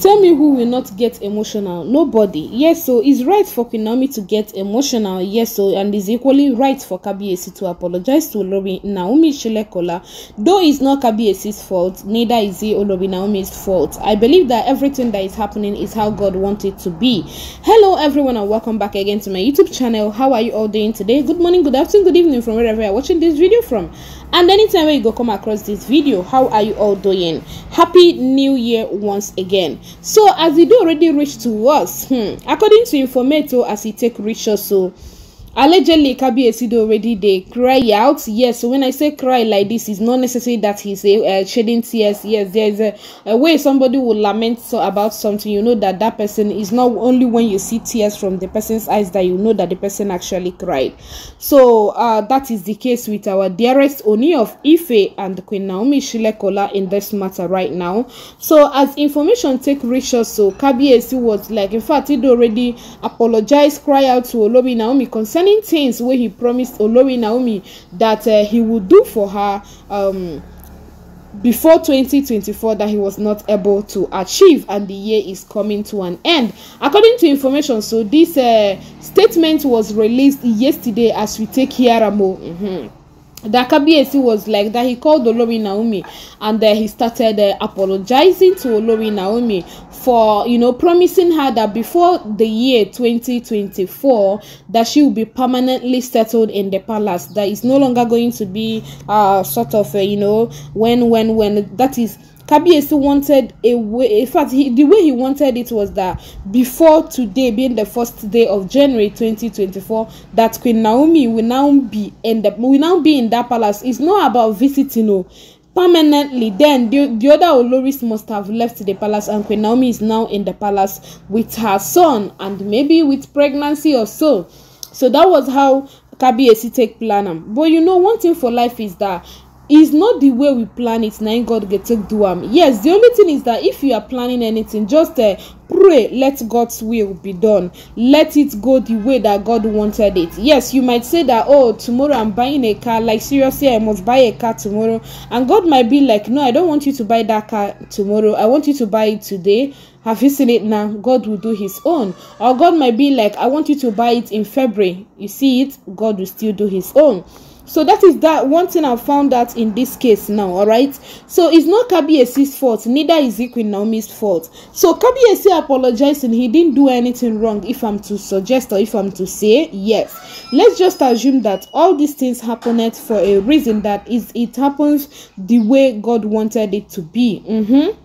Tell me who will not get emotional. Nobody. Yes, so it's right for Konami to get emotional. Yes, so and it's equally right for Kabiesi to apologize to Olobi Naomi Shilekola. Though it's not Kabiesi's fault, neither is it Olobi Naomi's fault. I believe that everything that is happening is how God wanted to be. Hello, everyone, and welcome back again to my YouTube channel. How are you all doing today? Good morning, good afternoon, good evening from wherever you're watching this video from. And anytime you go come across this video, how are you all doing? Happy New Year once again. so as e don already reach to us hmm, according to informate o as e take reach us o Allegedly, Kabiyesi already they cry out. Yes, so when I say cry like this, it's not necessary that he's uh, shedding tears. Yes, there's a, a way somebody will lament so about something. You know that that person is not only when you see tears from the person's eyes that you know that the person actually cried. So uh, that is the case with our dearest Oni of Ife and Queen Naomi Shilekola in this matter right now. So as information take reach us, so Kabiyesi was like, in fact, he already apologized, cry out to Olobi Naomi concern concerning things wey he promised olori naomi that uh, he would do for her um, before 2024 that he was not able to achieve and the year is coming to an end according to information so this uh, statement was released yesterday as we take here mm-hmm. that Kabiesi was like that. He called Olori Naomi and then he started uh, apologizing to Olori Naomi for, you know, promising her that before the year 2024 that she will be permanently settled in the palace. That is no longer going to be uh, sort of, uh, you know, when, when, when. That is Kabiyesi wanted a way, in fact, he, the way he wanted it was that before today being the first day of January 2024, that Queen Naomi will now be in the will now be in that palace. It's not about visiting, no. Oh. Permanently, then the, the other Oloris must have left the palace, and Queen Naomi is now in the palace with her son and maybe with pregnancy or so. So that was how Kabiyesi take plan am. But you know, one thing for life is that is not the way we plan it na god go take do am yes the only thing is that if you are planning anything just uh, pray let god's will be done let it go the way that god wanted it yes you might say that oh tomorrow i'm buying a car like seriously i must buy a car tomorrow and god might be like no i don't want you to buy that car tomorrow i want you to buy it today have you seen it now god will do his own or god might be like i want you to buy it in february you see it god will still do his own so that is that one thing i found out in this case now all right so it's not kabiesi's fault neither is it queen naomi's fault so kabiesi apologized and he didn't do anything wrong if i'm to suggest or if i'm to say yes let's just assume that all these things happened for a reason that is it happens the way god wanted it to be mm-hmm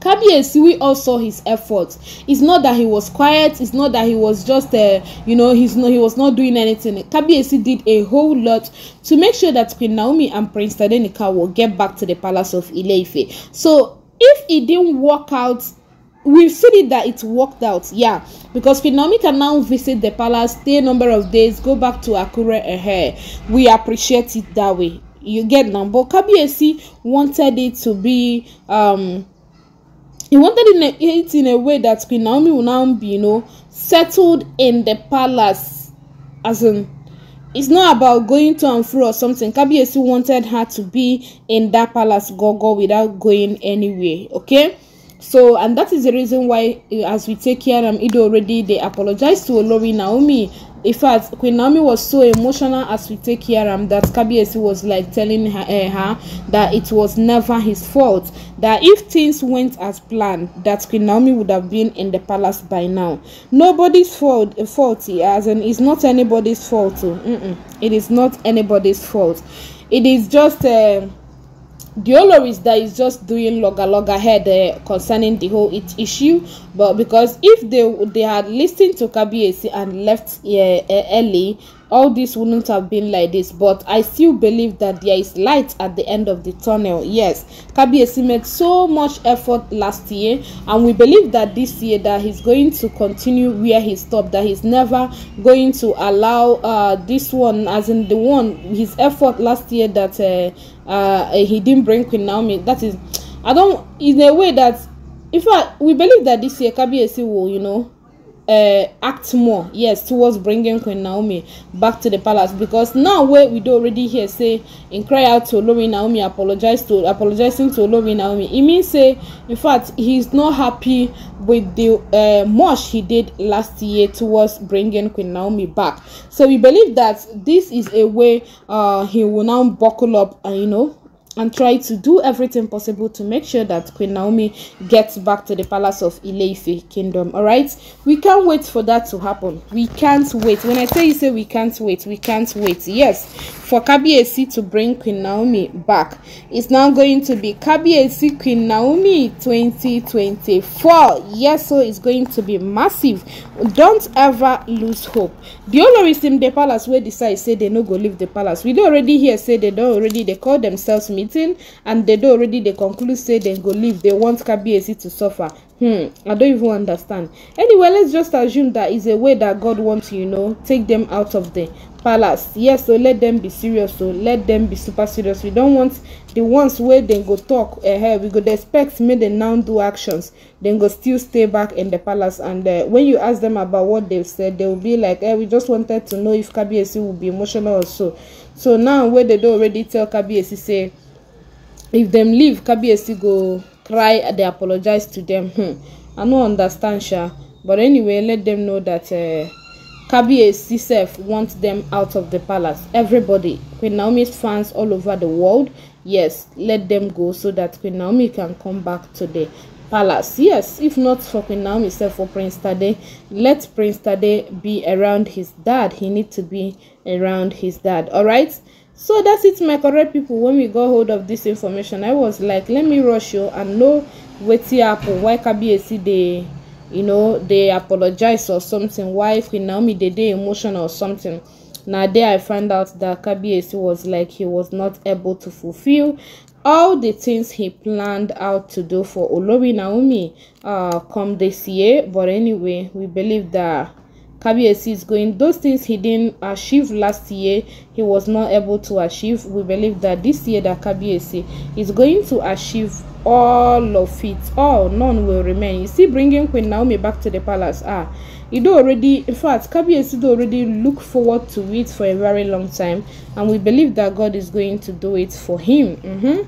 Kabiyesi, we all saw his efforts. It's not that he was quiet. It's not that he was just, uh, you know, he's no, he was not doing anything. Kabiyesi did a whole lot to make sure that Queen Naomi and Prince Tadenika will get back to the palace of ile So if it didn't work out we've seen it that it worked out yeah because Queen Naomi can now visit the palace stay a number of days go back to akure Ehe. Eh. we appreciate it that way you get now but kbac wanted it to be um he wanted it in a way that Queen Naomi would now be, you know, settled in the palace. As in, it's not about going to and fro or something. Kabiesi wanted her to be in that palace gogo without going anywhere, okay? So, and that is the reason why, eh, as we take here, um, Ido already, they apologized to Olori Naomi in fact queen naomi was so emotional as we take yaram that kabiyesi was like telling her, uh, her that it was never his fault that if things went as planned that queen naomi would have been in the palace by now nobody's fault uh, eh, faulty as in it's not anybody's fault mm -mm, it is not anybody's fault it is just uh, the olor is that is just doing logger logger head uh, concerning the whole it issue but because if they they had listened to kabiesi and left uh, uh, early all this wouldn't have been like this but i still believe that there is light at the end of the tunnel yes kbsc made so much effort last year and we believe that this year that he's going to continue where he stopped that he's never going to allow uh, this one as in the one his effort last year that uh, uh, he didn't bring queen naomi that is i don't in a way that in fact we believe that this year kbsc will you know uh, act more yes towards bringing queen naomi back to the palace because now wey we don already hear say im cry out to olori naomi apologize to apologizing to olori naomi e mean say in fact he is not happy with the uh, much he did last year towards bringing queen naomi back so we believe that this is a way uh, he will now buckle up and uh, you know and try to do everything possible to make sure that Queen Naomi gets back to the palace of Ileife kingdom. All right, we can't wait for that to happen. We can't wait. When I tell you, say we can't wait, we can't wait. Yes, for Kabiesi to bring Queen Naomi back, it's now going to be Kabiesi Queen Naomi 2024. Yes, so it's going to be massive. Don't ever lose hope. The only reason the palace will decide say they no go leave the palace. We don't already hear say they don't already they call themselves. meeting and they don already dey conclude say dem go leave they want kabiyesi to suffer hmm i don't even understand anyway let's just assume that is a way that god wants you know take them out of the palace yes so let them be serious so let them be super serious we don't want the ones wey dem go tok eh we go dey expect make dem now do actions dem go still stay back in the palace and eh, when you ask them about what dem said they will be like eh we just wanted to know if kabiyesi will be emotional or so so now wey dem don already tell kabiyesi say if dem leave kabiyesi go cry dey apologize to dem hmm i no understand sha but anyway let dem know that uh, eh, kabiyesi sef want dem out of the palace everybody queen naomi's fans all over the world yes let dem go so that queen naomi can come back to the palace yes if not for queen naomi sef for prince tade let prince tade be around his dad he need to be around his dad alright so that's it my correct people. When we got hold of this information i was like let me rush you and know what's happen why kabiyesi dey you know they apologize or something why queen naomi they dey emotional or something Now there i find out that kabiyesi was like he was not able to fulfill all the things he planned out to do for olori naomi uh, come this year but anyway we believe that Kabiesi is going. Those things he didn't achieve last year, he was not able to achieve. We believe that this year that Kabiesi is going to achieve all of it. All, none will remain. You see, bringing Queen Naomi back to the palace. Ah, you do already, in fact, Kabiesi do already look forward to it for a very long time. And we believe that God is going to do it for him. Mm -hmm.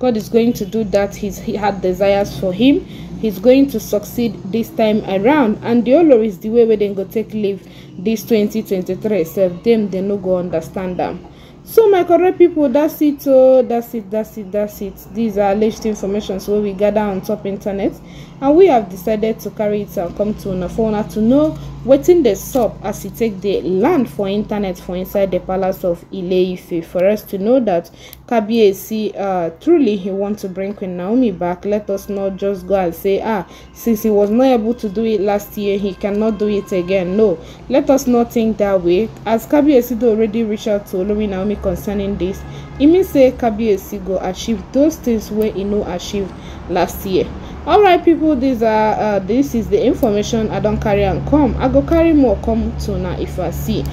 God is going to do that he's, he had desires for him. He's going to succeed this time around. And the olor is the way where they go take leave. this 2023. Self them, they no go understand them. So my correct people, that's it. Oh, that's it, that's it, that's it. These are alleged information so we gather on top internet. And we have decided to carry it and come to una phone to know what in the sub as he take the land for internet for inside the palace of Ile Ife for us to know that Kabiesi, uh, truly he wants to bring Queen Naomi back. Let us not just go and say, ah, since he was not able to do it last year, he cannot do it again. No, let us not think that way. As Kabiesi already reached out to Olori Naomi concerning this, e mean say Kabiesi go achieve those things wey e no achieve last year. alright pipo dis are dis uh, is the information i don carry am come i go carry more come to na if i see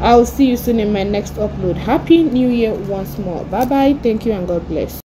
I'll see you soon in my next upload. Happy New Year once more. Bye bye. Thank you and God bless.